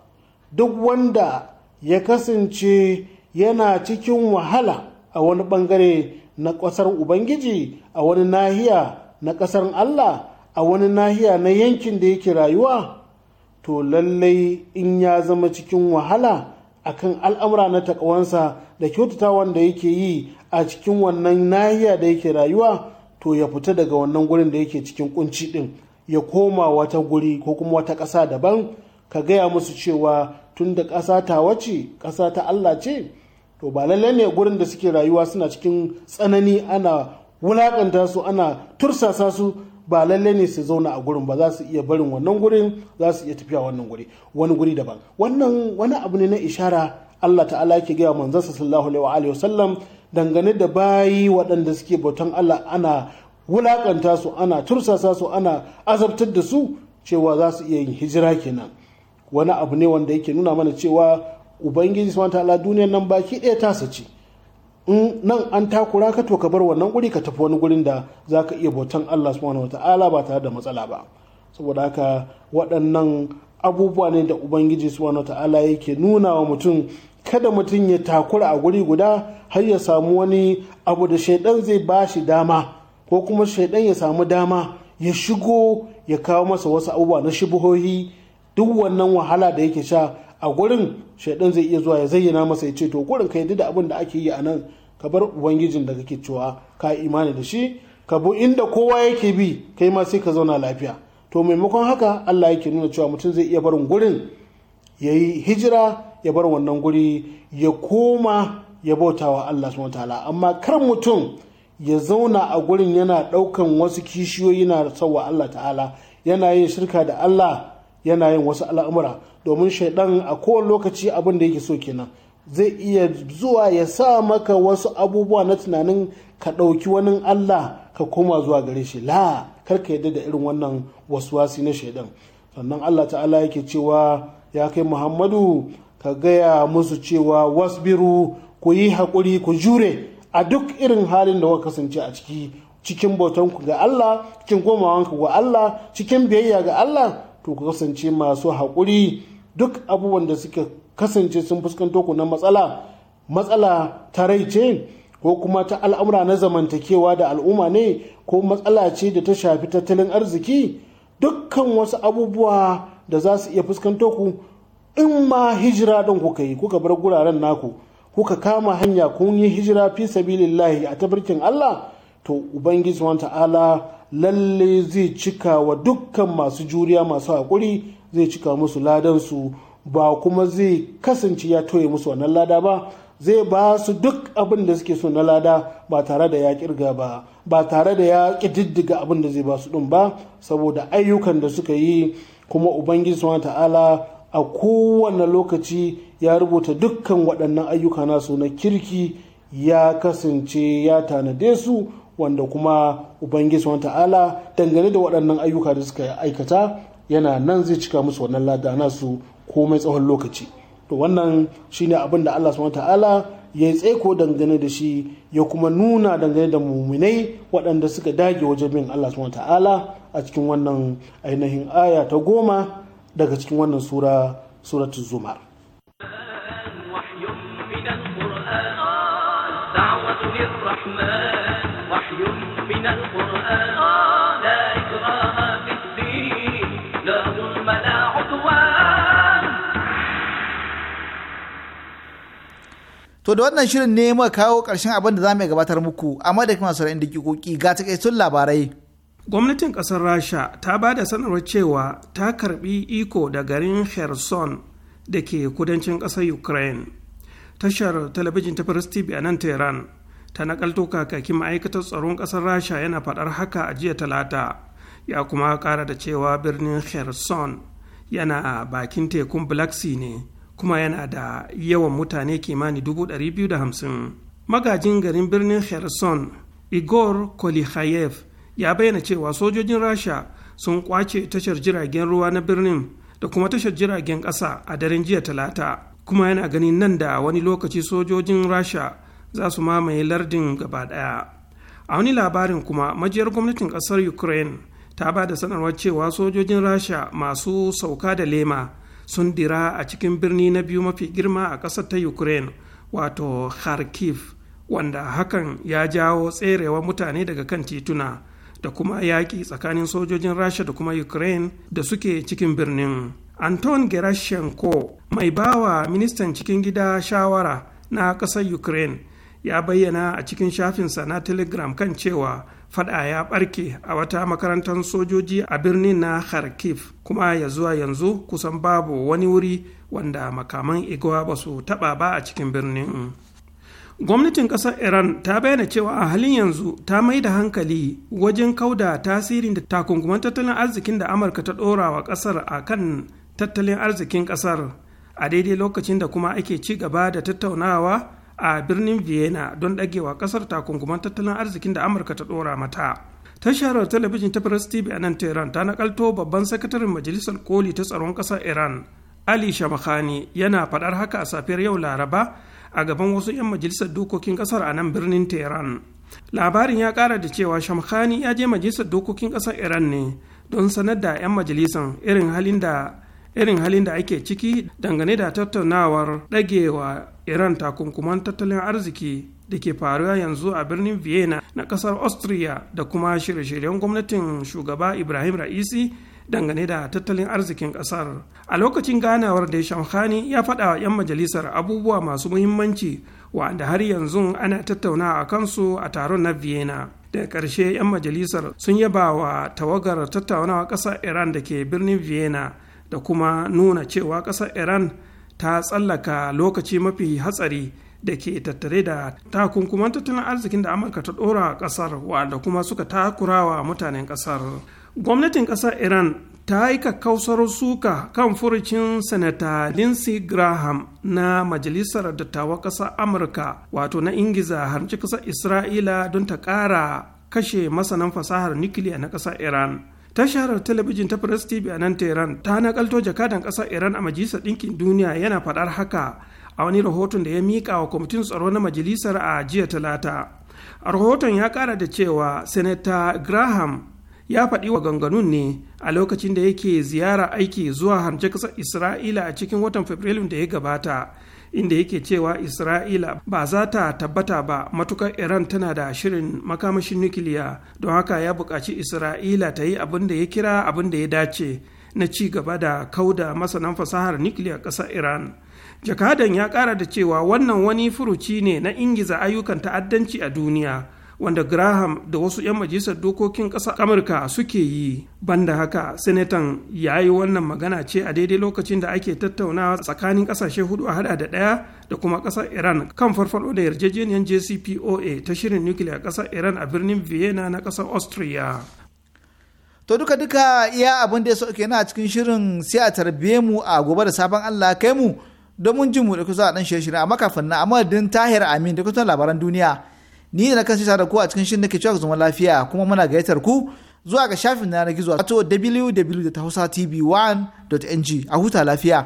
duk wanda ya kasance yana cikin wahala a wani bangare na ƙasar ubangiji a wani nahiya na ƙasar allah a wani nahiya na yankin da yake rayuwa to lallai in ya zama cikin wahala akan al'amura na takawansa da kyautata wanda yake yi a cikin wannan nahiya da yake rayuwa to ya fita daga wannan gurin da yake cikin kunci din ya koma wata guri ko kuma wata ƙasa daban ka gaya musu cewa tun da ƙasa ta wace ƙasa ta Allah ce to ba lallai ne gurin da suke rayuwa suna cikin tsanani ana wulaƙanta su ana tursasa su ba lalle ne su zauna a gurin ba za su iya barin wannan gurin za su iya tafiya wannan guri wani guri daban wannan wani abu ne na ishara Allah ta'ala yake gaya manzansa sallallahu alaihi wa sallam dangane da bayi waɗanda suke bautan Allah ana wulakanta su ana tursasa su ana azabtar da su cewa za su iya yin hijira kenan wani abu ne wanda yake nuna mana cewa ubangiji subhanahu ta'ala duniyar nan baki ɗaya ta ce in nan an takura ka to ka bar wannan guri ka tafi wani gurin da za ka iya bautan Allah subhanahu ta'ala ba tare da matsala ba saboda haka waɗannan abubuwa ne da ubangiji subhanahu ta'ala yake nuna wa mutum kada mutum ya takura a guri guda har ya samu wani abu da shaidan zai ba shi dama ko kuma shaidan ya samu dama ya shigo ya kawo masa wasu abubuwa na shibuhohi duk wannan wahala da yake sha a gurin shaidan zai iya zuwa ya zayyana masa ya ce to gurin ka yadda da abin da ake yi a nan ka bar ubangijin da kake cewa ka imani da shi ka bu inda kowa yake bi kai ma sai ka zauna lafiya to maimakon haka Allah yake nuna cewa mutum zai iya barin gurin ya yi hijira ya bar wannan guri ya koma ya bauta wa Allah subhanahu ta'ala amma kar mutum ya zauna a gurin yana ɗaukan wasu kishiyoyi na sauwa Allah ta'ala yana yin shirka da Allah yana yin wasu al'amura domin shaidan a kowane lokaci abin da yake so kenan zai iya zuwa ya sa maka wasu abubuwa na tunanin ka ɗauki wani Allah ka koma zuwa gare shi la kar ka yadda da irin wannan waswasi na shaidan sannan Allah ta'ala yake cewa ya kai Muhammadu ka gaya musu cewa wasbiru ku yi haƙuri ku jure a duk irin halin da kuka kasance a ciki cikin bautanku ga Allah cikin komawanku ga Allah cikin biyayya ga Allah to ku kasance masu haƙuri duk abubuwan da suka kasance sun fuskanto ku na matsala matsala ta rai ce ko kuma ta al'amura na zamantakewa da al'umma ne ko matsala ce da ta shafi tattalin arziki dukkan wasu abubuwa da za su iya fuskanto ku in ma hijira don kuka yi kuka bar guraren naku kuka kama hanya kun yi hijira fi sabilillahi a tabarkin Allah to ubangiji wa ta'ala lalle zai cika wa dukkan masu juriya masu hakuri zai cika musu su. ba kuma zai kasance ya toye musu wannan lada ba zai ba su duk abin da suke so na lada ba tare da ya kirga ba ba tare da ya ƙididdiga abin da zai ba su ɗin ba saboda ayyukan da suka yi kuma ubangiji wa ta'ala a kowane lokaci ya rubuta dukkan waɗannan ayyuka nasu na kirki ya kasance ya tanade su wanda kuma ubangiji wa ta'ala dangane da waɗannan ayyuka da suka aikata yana nan zai cika musu wannan lada nasu komai tsawon lokaci to wannan shine abin da Allah subhanahu ta'ala ya yi tseko dangane da shi ya kuma nuna dangane da muminai waɗanda suka dage wajen bin Allah subhanahu ta'ala a cikin wannan ainihin aya ta goma daga cikin wannan sura suratul zumar To da wannan shirin ne muka kawo ƙarshen abin da za mu gabatar muku a madadin masu ra'ayin kikoki ga takaitun labarai. Gwamnatin ƙasar Rasha ta ba da sanarwar cewa ta karbi iko da garin Kherson da ke kudancin ƙasar Ukraine. Tashar talabijin ta paris TV a nan Tehran ta nakalto kakakin ma'aikatar tsaron ƙasar Rasha yana faɗar haka a jiya Talata. Ya kuma ƙara da cewa birnin Kherson yana bakin tekun Black Sea ne. kuma yana da yawan mutane kimani hamsin. magajin garin birnin kherson igor kolikhayev ya bayyana cewa sojojin rasha sun kwace tashar jiragen ruwa na birnin da kuma tashar jiragen ƙasa a daren jiya talata kuma yana ganin nan da wani lokaci sojojin rasha za su mamaye lardin gaba ɗaya a wani labarin kuma majiyar gwamnatin ƙasar ukraine ta ba da sanarwar cewa sojojin rasha masu sauka da lema sun dira a cikin birni na biyu mafi girma a ƙasar ta ukraine wato kharkiv wanda hakan ya jawo tserewa mutane daga kan tituna da kuma yaƙi tsakanin sojojin rasha da kuma ukraine da suke cikin birnin anton gerashenko mai bawa ministan cikin gida shawara na ƙasar ukraine ya bayyana a cikin shafinsa na telegram kan cewa fada ya barke a wata makarantar sojoji a birnin na kharkiv kuma ya zuwa yanzu kusan babu wani wuri wanda makaman igwa ba su taba ba a cikin birnin gwamnatin kasar iran ta bayyana cewa a halin yanzu ta mai da hankali wajen kauda tasirin da takunguman tattalin arzikin da amurka ta dora wa kasar a kan tattalin arzikin kasar a daidai lokacin da kuma ake ci gaba da tattaunawa a birnin vienna don dagewa kasar takunkuman tattalin arzikin da amurka ta dora mata tasharar talabijin ta press tv a nan tehran ta nakalto babban sakataren majalisar koli ta tsaron kasar iran ali shamakhani yana fadar haka a safiyar yau laraba a gaban wasu 'yan majalisar dokokin kasar a nan birnin tehran labarin ya kara da cewa shamkhani ya je majalisar dokokin kasar iran ne don sanar da 'yan majalisan irin halin da halin da ake ciki dangane da tattaunawar dagewa. iran takunkuman tattalin arziki da ke faruwa yanzu a birnin vienna na kasar austria da kuma shirye-shiryen gwamnatin shugaba ibrahim ra'isi dangane da tattalin arzikin kasar a lokacin ganawar da shamkhani ya faɗa wa 'yan majalisar abubuwa masu muhimmanci wa'anda har yanzu ana tattaunawa a kansu a taron na vienna da ƙarshe 'yan majalisar sun yaba wa tawagar tattaunawa ƙasar iran da ke birnin vienna da kuma nuna cewa ƙasar iran ta tsallaka lokaci mafi hatsari da ke tattare da takunkuman tattalin arzikin da amurka ta ɗora ƙasar wanda kuma suka takurawa mutanen ƙasar gwamnatin ƙasar iran ta yi kakkausar suka kan furucin sanata lindsey graham na majalisar dattawa ƙasar amurka wato na ingiza harci kasar isra'ila don ta ƙara kashe masanan fasahar nukiliya na ƙasar iran tashar talabijin ta press tv a nan tehran ta nakalto jakadan ƙasar iran a majalisar ɗinkin duniya yana faɗar haka a wani rahoton da ya miƙa wa kwamitin tsaro na majalisar a jiya talata a rahoton ya ƙara da cewa senator graham ya faɗi wa ganganun ne a lokacin da yake ziyara aiki zuwa harce ƙasar isra'ila a cikin watan fabrilun da ya gabata inda yake cewa isra'ila ba za ta tabbata ba matukar iran tana da shirin makamashin nukiliya don haka ya buƙaci isra'ila ta yi abin da ya kira abin da ya dace na ci gaba da kauda masanan fasahar nukiliya ƙasar iran jakadan ya ƙara da cewa wannan wani furuci ne na ingiza ayyukan ta'addanci a duniya wanda graham da wasu 'yan majalisar dokokin ƙasa amurka suke yi banda haka sanatan ya yi wannan magana ce a daidai lokacin da ake tattaunawa tsakanin ƙasashe hudu a hada da ɗaya da kuma ƙasar iran kan farfaɗo da yarjejeniyar jcpoa ta shirin nukiliya ƙasar iran a birnin vienna na ƙasar austria to duka duka iya abin da ya sauke na cikin shirin sai a tarbe mu a gobe da sabon allah kai mu mun ji mu da kusa a ɗan shirye-shirye a na amadin tahir amin da kusan labaran duniya ni da na kasance da ku a cikin shirin ke cewa zama lafiya kuma muna gayyatar ku zuwa ga shafin na gizo wato www.hausatv1.ng a huta lafiya.